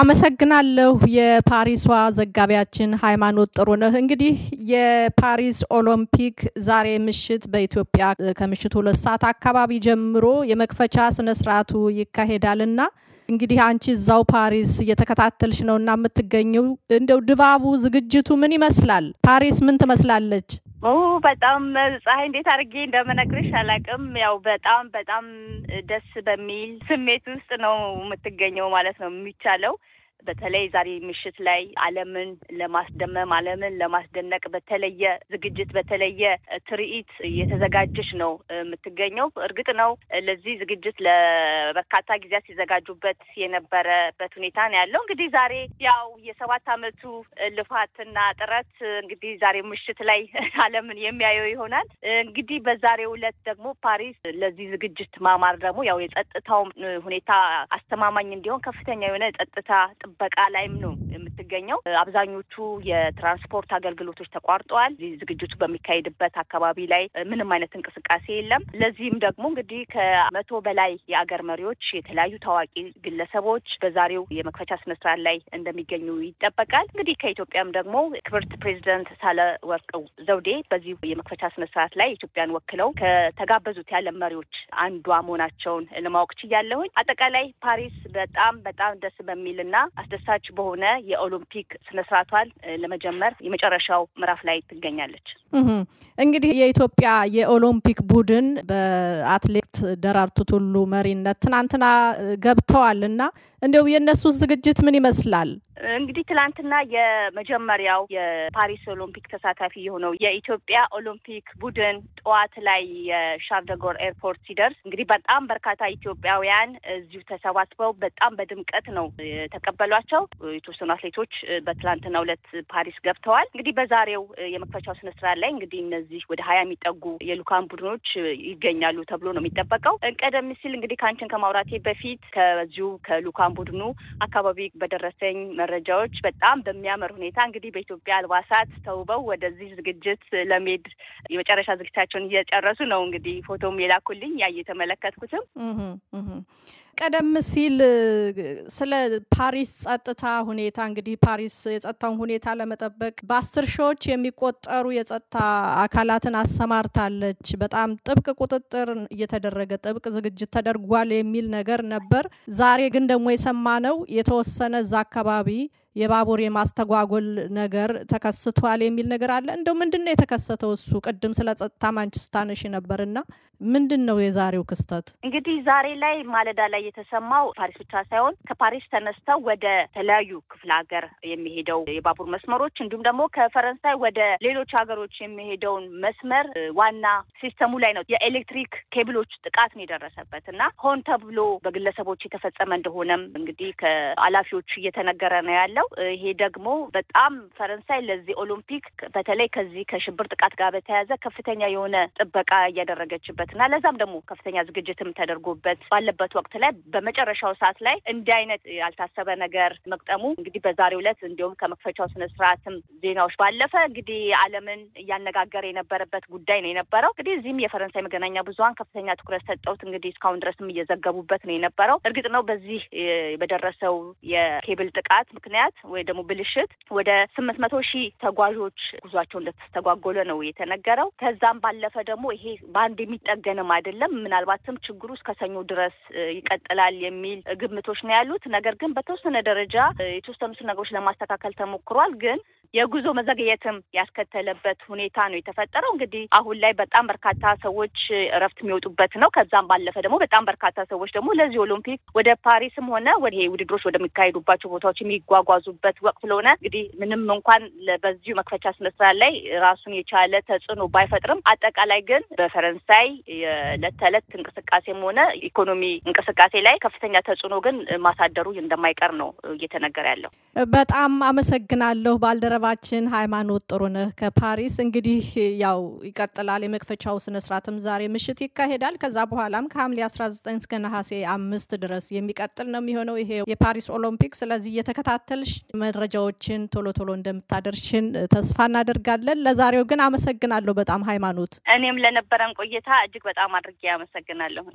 አመሰግናለሁ የፓሪሷ ዘጋቢያችን ሃይማኖት ጥሩነህ። እንግዲህ የፓሪስ ኦሎምፒክ ዛሬ ምሽት በኢትዮጵያ ከምሽቱ ሁለት ሰዓት አካባቢ ጀምሮ የመክፈቻ ስነስርዓቱ ይካሄዳልና እንግዲህ አንቺ እዛው ፓሪስ እየተከታተልሽ ነው እና የምትገኘው፣ እንደው ድባቡ ዝግጅቱ ምን ይመስላል? ፓሪስ ምን ትመስላለች? በጣም ፀሐይ እንዴት አድርጌ እንደምነግርሽ አላውቅም። ያው በጣም በጣም ደስ በሚል ስሜት ውስጥ ነው የምትገኘው ማለት ነው የሚቻለው በተለይ ዛሬ ምሽት ላይ ዓለምን ለማስደመም ዓለምን ለማስደነቅ በተለየ ዝግጅት በተለየ ትርኢት እየተዘጋጀች ነው የምትገኘው። እርግጥ ነው ለዚህ ዝግጅት ለበርካታ ጊዜያት ሲዘጋጁበት የነበረበት ሁኔታ ነው ያለው። እንግዲህ ዛሬ ያው የሰባት ዓመቱ ልፋትና ጥረት እንግዲህ ዛሬ ምሽት ላይ ዓለምን የሚያየው ይሆናል። እንግዲህ በዛሬው ዕለት ደግሞ ፓሪስ ለዚህ ዝግጅት ማማር ደግሞ ያው የጸጥታው ሁኔታ አስተማማኝ እንዲሆን ከፍተኛ የሆነ የጸጥታ ጥበቃ ላይም ነው የምትገኘው። አብዛኞቹ የትራንስፖርት አገልግሎቶች ተቋርጠዋል። ዝግጅቱ በሚካሄድበት አካባቢ ላይ ምንም አይነት እንቅስቃሴ የለም። ለዚህም ደግሞ እንግዲህ ከመቶ በላይ የአገር መሪዎች፣ የተለያዩ ታዋቂ ግለሰቦች በዛሬው የመክፈቻ ስነስርዓት ላይ እንደሚገኙ ይጠበቃል። እንግዲህ ከኢትዮጵያም ደግሞ ክብርት ፕሬዚደንት ሳህለወርቅ ዘውዴ በዚህ የመክፈቻ ስነስርዓት ላይ ኢትዮጵያን ወክለው ከተጋበዙት የዓለም መሪዎች አንዷ መሆናቸውን ለማወቅ ችያለሁኝ። አጠቃላይ ፓሪስ በጣም በጣም ደስ በሚልና አስደሳች በሆነ የኦሎምፒክ ስነስርዓቷን ለመጀመር የመጨረሻው ምዕራፍ ላይ ትገኛለች። እንግዲህ የኢትዮጵያ የኦሎምፒክ ቡድን በአትሌት ደራርቱ ቱሉ መሪነት ትናንትና ገብተዋል እና እንዲያው የእነሱ ዝግጅት ምን ይመስላል? እንግዲህ ትላንትና የመጀመሪያው የፓሪስ ኦሎምፒክ ተሳታፊ የሆነው የኢትዮጵያ ኦሎምፒክ ቡድን ጠዋት ላይ የሻርደጎር ኤርፖርት ሲደ ሲደርስ እንግዲህ በጣም በርካታ ኢትዮጵያውያን እዚሁ ተሰባስበው በጣም በድምቀት ነው የተቀበሏቸው። የተወሰኑ አትሌቶች በትላንትናው ዕለት ፓሪስ ገብተዋል። እንግዲህ በዛሬው የመክፈቻው ስነስርዓት ላይ እንግዲህ እነዚህ ወደ ሀያ የሚጠጉ የልኡካን ቡድኖች ይገኛሉ ተብሎ ነው የሚጠበቀው። ቀደም ሲል እንግዲህ ከአንችን ከማውራቴ በፊት ከዚሁ ከልኡካን ቡድኑ አካባቢ በደረሰኝ መረጃዎች በጣም በሚያምር ሁኔታ እንግዲህ በኢትዮጵያ አልባሳት ተውበው ወደዚህ ዝግጅት ለመሄድ የመጨረሻ ዝግጅታቸውን እየጨረሱ ነው። እንግዲህ ፎቶም የላኩልኝ እየተመለከትኩትም ቀደም ሲል ስለ ፓሪስ ጸጥታ ሁኔታ እንግዲህ ፓሪስ የጸጥታውን ሁኔታ ለመጠበቅ በአስር ሺዎች የሚቆጠሩ የጸጥታ አካላትን አሰማርታለች። በጣም ጥብቅ ቁጥጥር እየተደረገ ጥብቅ ዝግጅት ተደርጓል የሚል ነገር ነበር። ዛሬ ግን ደግሞ የሰማነው የተወሰነ እዛ አካባቢ የባቡር የማስተጓጎል ነገር ተከስቷል የሚል ነገር አለ። እንደው ምንድን ነው የተከሰተው? እሱ ቅድም ስለ ጸጥታ ማንችስታነሽ ነበርና ምንድን ነው የዛሬው ክስተት? እንግዲህ ዛሬ ላይ ማለዳ ላይ የተሰማው ፓሪስ ብቻ ሳይሆን ከፓሪስ ተነስተው ወደ ተለያዩ ክፍለ ሀገር የሚሄደው የባቡር መስመሮች እንዲሁም ደግሞ ከፈረንሳይ ወደ ሌሎች ሀገሮች የሚሄደውን መስመር ዋና ሲስተሙ ላይ ነው የኤሌክትሪክ ኬብሎች ጥቃት ነው የደረሰበት እና ሆን ተብሎ በግለሰቦች የተፈጸመ እንደሆነም እንግዲህ ከኃላፊዎች እየተነገረ ነው ያለው። ይሄ ደግሞ በጣም ፈረንሳይ ለዚህ ኦሎምፒክ በተለይ ከዚህ ከሽብር ጥቃት ጋር በተያያዘ ከፍተኛ የሆነ ጥበቃ እያደረገችበት እና ለዛም ደግሞ ከፍተኛ ዝግጅትም ተደርጎበት ባለበት ወቅት ላይ በመጨረሻው ሰዓት ላይ እንዲህ አይነት ያልታሰበ ነገር መቅጠሙ እንግዲህ በዛሬው ዕለት እንዲሁም ከመክፈቻው ስነስርዓትም ዜናዎች ባለፈ እንግዲህ ዓለምን እያነጋገረ የነበረበት ጉዳይ ነው የነበረው። እንግዲህ እዚህም የፈረንሳይ መገናኛ ብዙሀን ከፍተኛ ትኩረት ሰጠውት እንግዲህ እስካሁን ድረስም እየዘገቡበት ነው የነበረው። እርግጥ ነው በዚህ በደረሰው የኬብል ጥቃት ምክንያት ወይ ደግሞ ብልሽት ወደ ስምንት መቶ ሺህ ተጓዦች ጉዟቸው እንደተስተጓጎለ ነው የተነገረው። ከዛም ባለፈ ደግሞ ይሄ በአንድ የሚጠ የተጠገነም አይደለም። ምናልባትም ችግሩ እስከ ሰኞ ድረስ ይቀጥላል የሚል ግምቶች ነው ያሉት። ነገር ግን በተወሰነ ደረጃ የተወሰኑትን ነገሮች ለማስተካከል ተሞክሯል። ግን የጉዞ መዘግየትም ያስከተለበት ሁኔታ ነው የተፈጠረው። እንግዲህ አሁን ላይ በጣም በርካታ ሰዎች እረፍት የሚወጡበት ነው። ከዛም ባለፈ ደግሞ በጣም በርካታ ሰዎች ደግሞ ለዚህ ኦሎምፒክ ወደ ፓሪስም ሆነ ወደ ውድድሮች ወደሚካሄዱባቸው ቦታዎች የሚጓጓዙበት ወቅት ስለሆነ እንግዲህ ምንም እንኳን በዚሁ መክፈቻ ስነስርዓት ላይ ራሱን የቻለ ተጽዕኖ ባይፈጥርም አጠቃላይ ግን በፈረንሳይ የዕለት ተዕለት እንቅስቃሴም ሆነ ኢኮኖሚ እንቅስቃሴ ላይ ከፍተኛ ተጽዕኖ ግን ማሳደሩ እንደማይቀር ነው እየተነገረ ያለው። በጣም አመሰግናለሁ ባልደረባ ባልደረባችን ሃይማኖት ጥሩነህ ከፓሪስ እንግዲህ ያው ይቀጥላል። የመክፈቻው ስነስርዓትም ዛሬ ምሽት ይካሄዳል። ከዛ በኋላም ከሐምሌ 19 እስከ ነሐሴ አምስት ድረስ የሚቀጥል ነው የሚሆነው ይሄ የፓሪስ ኦሎምፒክ። ስለዚህ እየተከታተልሽ መረጃዎችን ቶሎ ቶሎ እንደምታደርሽን ተስፋ እናደርጋለን። ለዛሬው ግን አመሰግናለሁ በጣም ሃይማኖት። እኔም ለነበረን ቆይታ እጅግ በጣም አድርጌ አመሰግናለሁ።